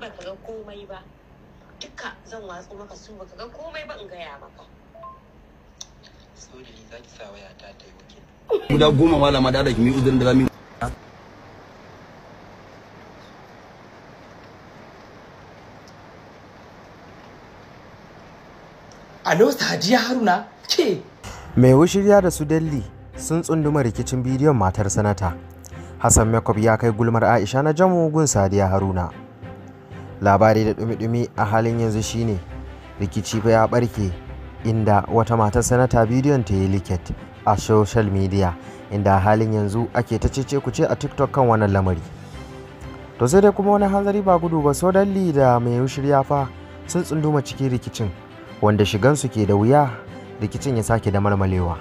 baka ga komai ba duka zan watsu maka su baka ga komai ba in gaya maka sorry za ki sa waya ta ta yi wakil guda goma malama da da kimi uzurin da zamu Alo Sadiya Haruna ke Mai wushirya da su Delhi sun tsunduma rikicin bidiyon matar sanata. Hassan Makeup ya kai gulmar Aisha na jamu gun Sadiya Haruna. labari da dumi-dumi a halin yanzu shine rikici fa ya barke inda wata matar sanata bidiyon ta yi liket a social media inda halin yanzu ake ta cece kuce a tiktok kan wannan lamari to sai dai kuma wani hanzari ba gudu ba sodalli da mai shirya fa sun tsunduma cikin rikicin wanda shigansu ke da wuya rikicin ya sake da marmalewa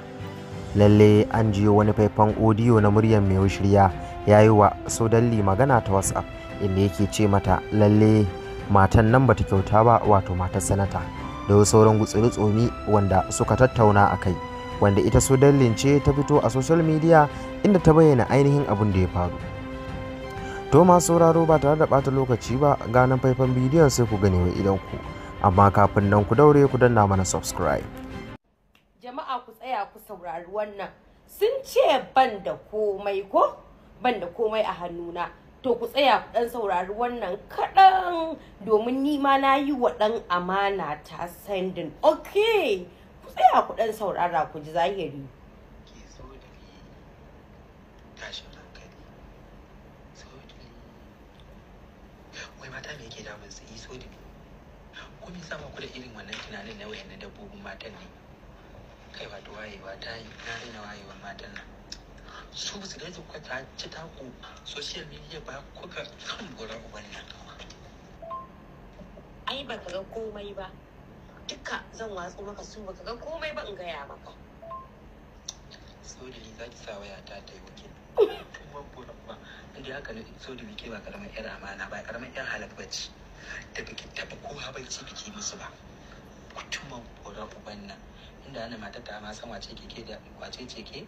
lalle an jiyo wani faifan odiyo na muryan mai shirya ya yi wa sodalli magana ta whatsapp inda yake ce mata lalle matan nan bata kyauta ba wato matar sanata da sauran gutsuri wanda suka tattauna a kai wanda ita su dallince ta fito a social media inda ta bayyana ainihin abin da ya faru to ma sauraro ba tare da bata lokaci ba ganin faifan bidiyon sai ku gani wa idan ku amma kafin nan ku daure ku danna mana subscribe jama'a ku tsaya ku saurari wannan sun ce ban da komai ko ban da komai a hannuna to ku tsaya ku ɗan saurari wannan kaɗan domin ni ma na yi wa ɗan amana ta sendin ok ku tsaya ku ɗan saurara ku ji zahiri wai mata me yake damun su iso eh, da ko me sama ku da irin wannan tunanin na wayannan dabbobin matan ne kai wato wayewa ta yi na rina wayewa matan nan su su gaji su kwata ci taku social media ba kuka kan gura wannan ai ba ka ga komai ba duka zan watsu maka su ba ka ga komai ba in gaya maka sodili za ki sa waya ta ta yi wakil kuma gura ba inda haka ne sodili ke ba karamar yar amana ba karamar yar halak bacci, da biki taba ko habanci biki musu ba mutumin gura uban wannan, inda ana mata ta ma san wace ke da wace ce ke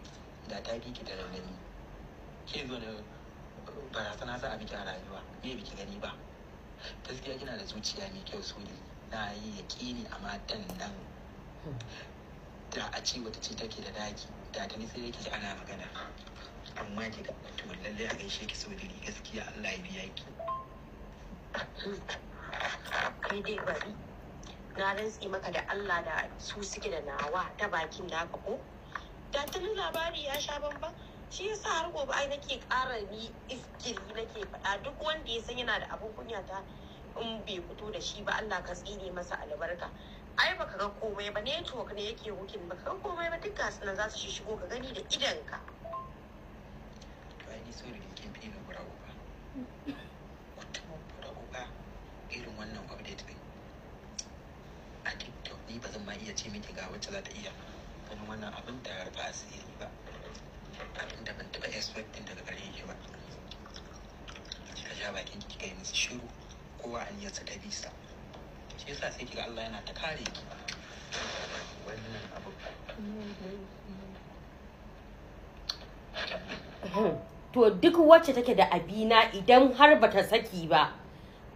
da ta bi da raunani ke zo da na za a biki a rayuwa me biki gani ba gaskiya kina da zuciya mai kyau su ne na yi yaƙini a matan nan da a ce wata ce take da daki da ta nisa yake ana magana amma ki ga wata lallai a gaishe ki sau gaskiya Allah ya biya ki kai dai bari na rantsi maka da Allah da su suke da nawa ta bakin da ko da tun labari ya sha bamban shi yasa har gobe ai nake ƙara ni iskiri nake faɗa duk wanda ya san yana da abin kunya ta in bai fito da shi ba Allah ka tsine masa albarka ai baka ga komai ba network ne yake hukin baka ga komai ba duk gasu nan za su shigo ka gani da idanka ni so da kin fi na bura uba mutum bura uba irin wannan update din a tiktok ni ba zan ma iya ce miki ga wacce za ta iya ganin wannan abin da su yi ba abin da ban taɓa expecting daga gare shi ba kika ja bakin kika yi musu shiru kowa aniyarsa ta bisa shi yasa sai kika Allah yana ta kare ki wannan abu to duk wacce take da abina idan har bata saki ba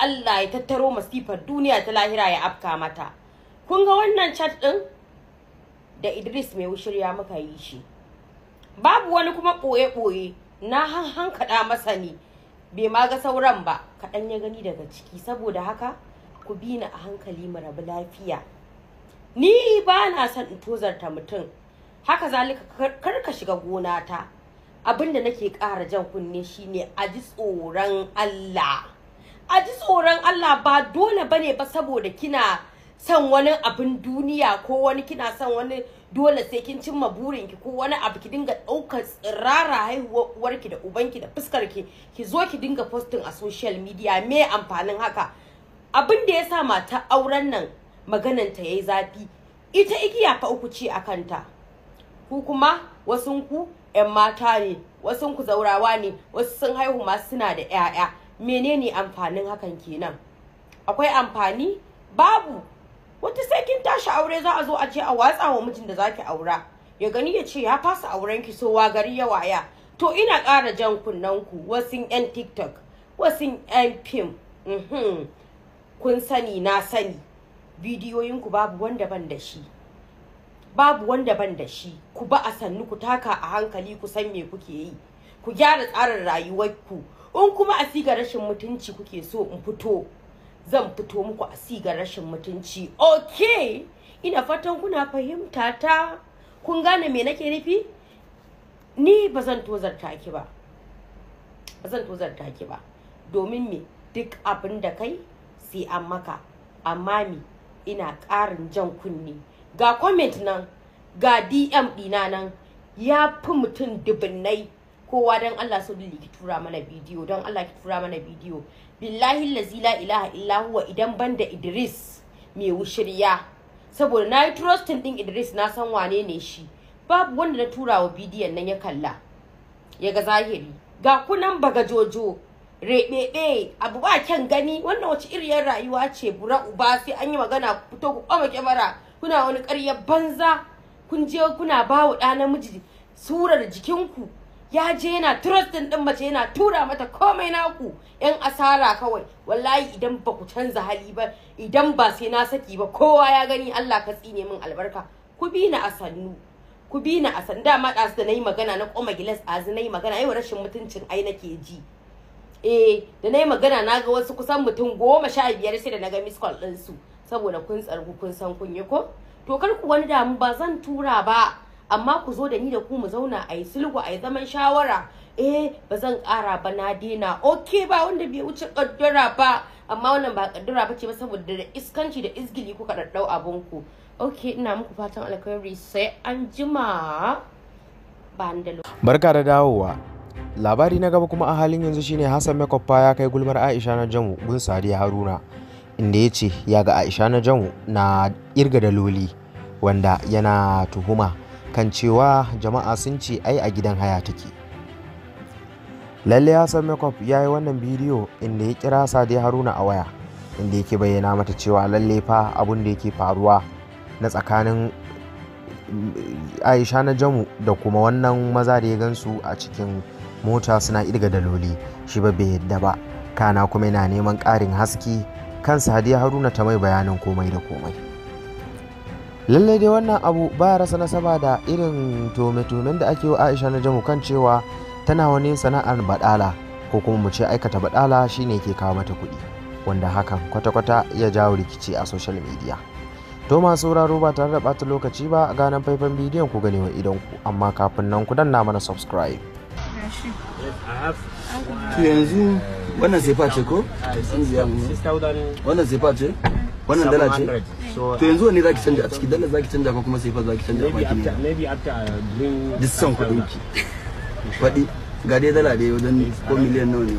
Allah ya tattaro masifar duniya ta lahira ya afka mata kun ga wannan chat din da Idris mai wushirya muka yi shi babu wani kuma ɓoye-ɓoye na hankaɗa masa ne bai ma ga sauran ba kaɗan ya gani daga ciki saboda haka ku bi ni a hankali mu rabu lafiya ni ba na son in tozarta mutum haka zalika kar ka shiga gona ta abin da nake ƙara jan kunne shine a ji tsoron Allah a ji tsoron Allah ba dole bane ba saboda kina San wani abin duniya ko wani kina son wani dole sai kin cimma burinki ko wani abu ki dinga ɗaukar tsirara haihuwarki da ubanki da fuskarki ki zo ki dinga posting a social media me amfanin haka abin da ya sa mata auren nan magananta ya yi zafi ita igiya fa uku ce a kanta ku kuma wasunku 'yan mata ne wasunku zaurawa ne wasu sun haihu ma suna da 'ya'ya menene amfanin hakan kenan akwai amfani babu wata sai kin tashi aure za a zo a ce a watsa wa mijin da zaki aura ya gani ya ce ya fasa auren ki so gari ya waya to ina ƙara jan kunnen ku wasu yan tiktok wasu yan fim mhm. kun sani na sani bidiyoyin ku babu wanda ban da shi babu wanda ban da shi ku ba a sannu ku taka a hankali ku san me kuke yi ku gyara tsarin rayuwarku in kuma a siga rashin mutunci kuke so in fito zan fito muku a sigar rashin mutunci okay ina fatan kuna fahimta ta kun gane me nake nufi ni ba zan tozarta ki ba ba zan tozarta ki ba domin me duk abin da kai sai an maka amma me ina ƙarin jan kunni ga comment nan ga dm ɗina nan ya fi mutum dubinnai kowa don Allah so ki tura mana bidiyo don Allah ki tura mana bidiyo billahi lazi la ilaha illa huwa idan banda Idris mai wushirya saboda na yi trusting din Idris na san wane ne shi babu wanda na tura wa bidiyon nan ya kalla ya ga zahiri ga kunan bagajojo Rebebe, abu ba kyan gani wannan wace iriyar rayuwa ce bura uba sai an yi magana fito ku kwama kyamara kuna wani ƙarya banza kun je kuna bawa ɗa namiji surar jikinku ya je yana trustin din mace yana tura mata komai naku yan asara kawai wallahi idan ba ku canza hali ba idan ba sai na saki ba kowa ya gani Allah ka tsine min albarka ku bi ni a sannu ku bi ni a sannu ma ɗazu da na yi magana na koma gilas a na yi magana yau rashin mutuncin ai nake ji eh da na yi magana na ga wasu kusan mutum goma sha biyar sai da na ga miss call ɗinsu saboda kun tsargu kun san kun yi ko to kar ku wani damu ba zan tura ba amma ku zo da ni da ku mu zauna a yi sulhu a yi zaman shawara eh ba zan ƙara ba na dena ok ba wanda bai wuce ƙaddara ba amma wannan ba ƙaddara ba ce ba saboda da iskanci da izgili kuka ɗaɗɗau ku ok ina muku fatan alkhairi sai an jima ba da barka da dawowa labari na gaba kuma a halin yanzu shine hassan makwabfa ya kai gulmar aisha na jamu gun sadiya haruna inda ya ce ya ga aisha na jamu na irga loli wanda yana tuhuma kan cewa jama'a sun ce ai a gidan haya take lalle hassan makeup ya yi wannan bidiyo inda ya kira sade haruna a waya inda yake bayyana mata cewa lalle fa abun da yake faruwa na tsakanin aisha na jamu da kuma wannan maza da ya gansu a cikin mota suna irga daloli shi ba bai yadda ba kana kuma yana neman ƙarin haske kan sadiya haruna ta mai bayanin komai da komai lallai dai wannan abu ba rasa nasaba da irin tome-tomen da ake wa aisha na jamu kan cewa tana wani sana'ar badala ko kuma mu ce aikata badala shine ke kawo mata kuɗi wanda hakan kwata-kwata ya jawo rikici a social media to masu sauraro ba tare da ɓata lokaci ba a ganin faifan bidiyon ku wa idan ku amma kafin nan ku danna mana subscribe to yanzu wannan sai face ko wannan sai face wannan dala ce to yanzu ne zaki canja a ciki dala zaki canja ko kuma sai fa zaki canja a baki ne maybe after doing dissan kudin ki faɗi ga dai dala dai wajen ko miliyan nawa ne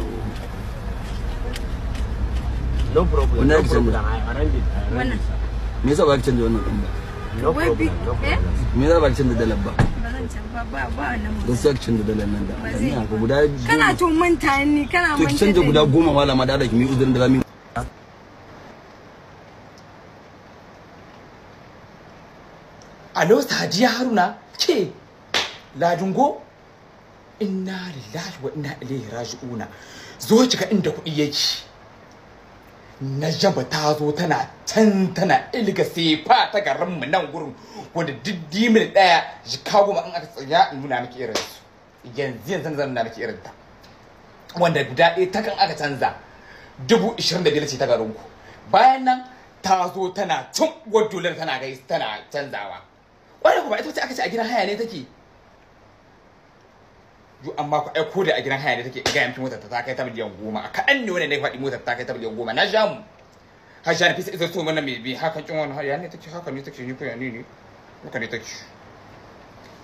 no problem wannan ki arrange wannan me yasa zaki canja wannan din ba eh? me yasa zaki canja dalar ba gaskiya ki canza dalar nan da kana to manta ni kana manta to canja guda goma ma da Allah ki mi uzurin da alo sadiya haruna ke ladungo inna lillahi wa inna ilaihi raji'una zo kiga inda kuɗi yake na jaba ta zo tana can tana ilga sefa ta garin mu nan gurin wanda duk dimin daya jika goma in aka tsaya in nuna miki irin su yanzu yanzu zan nuna miki irin ta wanda guda ɗaya ta kan aka canza dubu ishirin da biyar ce ta garin ku bayan nan ta zo tana cin wadda tana gaisa tana canzawa ƙwarai ku ba ita ce aka ce a gidan haya ne take duk amma ku aiko da a gidan haya ne take ga yamfi motar ta kai ta miliyan goma a kaɗan ne wannan ne faɗi motar ta kai ta miliyan goma na jamu. har sha na fi sai so wannan mai bi haka kin wannan ya ne take haka ne take ni ko ya ne ne haka ne take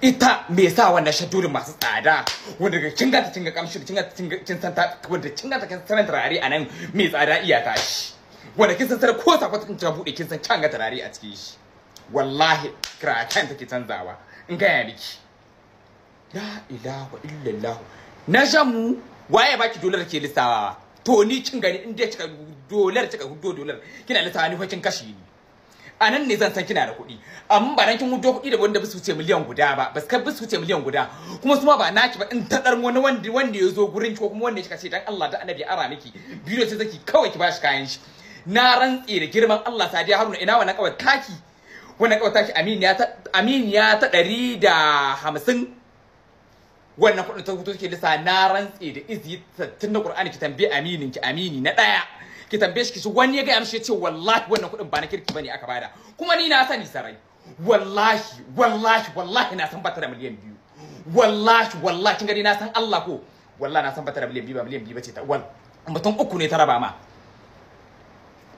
ita me sa wannan shadurin masu tsada wanda ga kin gata kin ga kamshi kin gata kin san ta wanda kin gata kin san tarare a nan me tsada iya tashi wanda kin san ko sakwatin ta bude kin san kyan ga tarare a cikin shi wallahi kiraken take canzawa in ga miki la ilaha illallah na jamu waye baki dolar ke lissawa to ni kin gani in dai kika dolar kika hudo dolar kina lissawa ni kin kashi ni a nan ne zan san kina da kuɗi amma ba nan kin hudo kuɗi da wanda ba su miliyan guda ba ba su kai ba miliyan guda kuma su ma ba naki ba in ta dar wani wanda wanda ya zo gurin ki ko kuma wanda kika ce dan Allah da Annabi ara miki bidiyo ce zaki kawai ki bashi kayan shi na rantsi da girman Allah sadiya Haruna ina wannan kawai taki wannan kawai tashi aminiya ta ta ɗari da hamsin wannan kuɗin ta fito take na rantse da izi tun na ƙur'ani ki tambaye aminin ki amini na ɗaya ki tambaye shi ki wani ya gaya mishi ya ce wallahi wannan kuɗin ba na kirki ba ne aka bada kuma ni na sani sarai wallahi wallahi wallahi na san ba da miliyan biyu wallahi wallahi kin gani na san Allah ko wallahi na san ba da miliyan biyu ba miliyan biyu ce ta wal mutum uku ne ta raba ma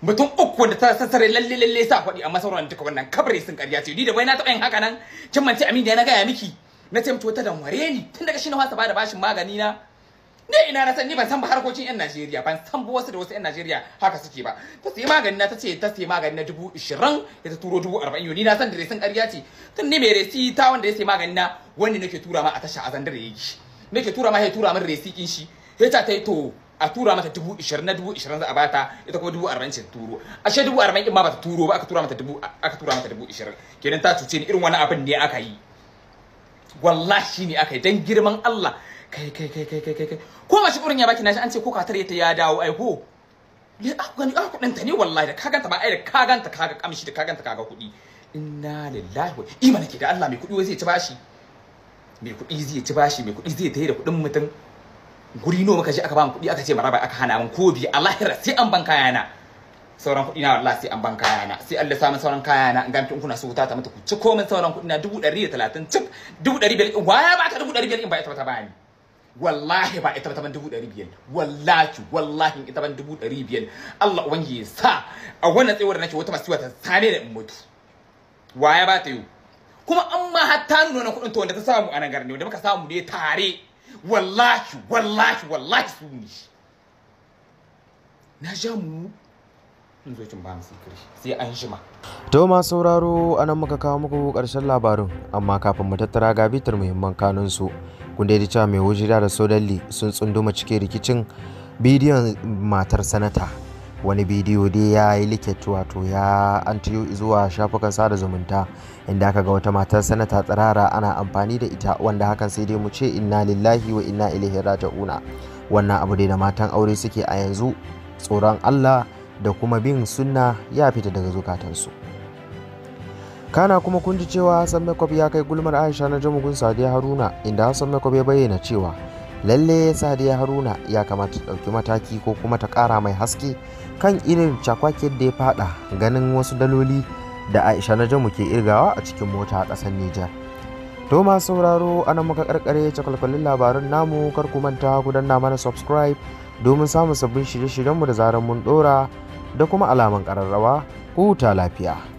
mutum uku wanda ta sassare lalle lalle sa kwadi amma sauran duka wannan kabare sun ce ni da wai na taɓa yin haka nan kin mance amina na gaya miki na ce mutu wata danware ni tun daga shi na wasa bada bashin magani na ne ina na san ni ban san ba harkokin yan Najeriya ban san ba wasu da wasu yan Najeriya haka suke ba ta sai magani na ta ce ta sai magani na dubu ya ta turo dubu arba'in ni na san da sun karya ce tun ne mai resi ta wanda ya sai magani na wani nake tura ma a tasha a zandar yake nake tura ma ya tura min resi kin shi ya ta to a tura mata dubu ishirin na dubu ishirin za a bata ita kuma dubu arba'in ce turo ashe dubu arba'in ma ta turo ba aka tura mata dubu aka tura mata dubu ishirin kenan ta cuce ni irin wani abin ne aka yi wallahi ne aka yi dan girman Allah kai kai kai kai kai kai ko ba shi burin ya baki na shi an ce ko katar ta ya dawo ai ko le aku ah, gani aku ah, ta ne wallahi da ka ganta ba ai da ka ganta ka ga kamshi da ka ganta ka ga kudi inna lillahi wa imana ke da Allah mai kudi wai zai ci bashi mai kudi zai ci bashi mai kudi zai tayi da kudin mutum guri nawa muka je aka ba mu kuɗi aka ce maraba aka hana mun ko bi a sai an ban kayana sauran kuɗi na wallahi sai an ban kayana sai Allah samu sauran kayana in gamfi in kuna so ta mata ku ci komai sauran kuɗi na dubu ɗari da talatin cik dubu biyar waya ba ka dubu biyar in ba ita ba ta bani wallahi ba ita ba ta ban dubu biyar wallahi wallahi ita ban dubu biyar Allah ubangiji ya sa a wannan tsayuwar nake wata masiwa ta sane da mutu waya ba ta yi kuma an hatta nuna kuɗin to wanda ta samu a nan garin ne wanda muka samu ne tare wallahi wallahi wallahi su ne na sha mu zocin ba su sai an shima to ma sauraro anan muka kawo muku karshen labarin amma kafin mu tattara ga bitar muhimman kanun su kun dai cewa mai wujida da sodalli sun tsunduma cikin rikicin bidiyon matar sanata wani bidiyo dai ya yi liket wato ya an tiyo zuwa shafukan sada zumunta inda aka ga wata matar sanata tsirara ana amfani da ita wanda hakan sai dai mu ce inna lillahi wa inna ilaihi raji'un wannan abu dai da matan aure suke a yanzu tsoron Allah da kuma bin sunna ya fita daga zukatansu kana kuma kun ji cewa Hassan makwab ya kai gulmar Aisha na jamugun Sadiya Haruna inda Hassan makwab ya bayyana cewa lalle sadiya haruna ya kamata ta ɗauki mataki ko kuma ta kara mai haske kan irin cakwakin da ya fada ganin wasu daloli da aisha na jamu ke irgawa a cikin mota a ƙasar nijar to masu sauraro ana muka karkare cakwalkwalin labarin namu kar ku manta ku danna mana subscribe domin samun sabbin shirye-shiryenmu da zarar mun ɗora da kuma alaman ƙararrawa huta lafiya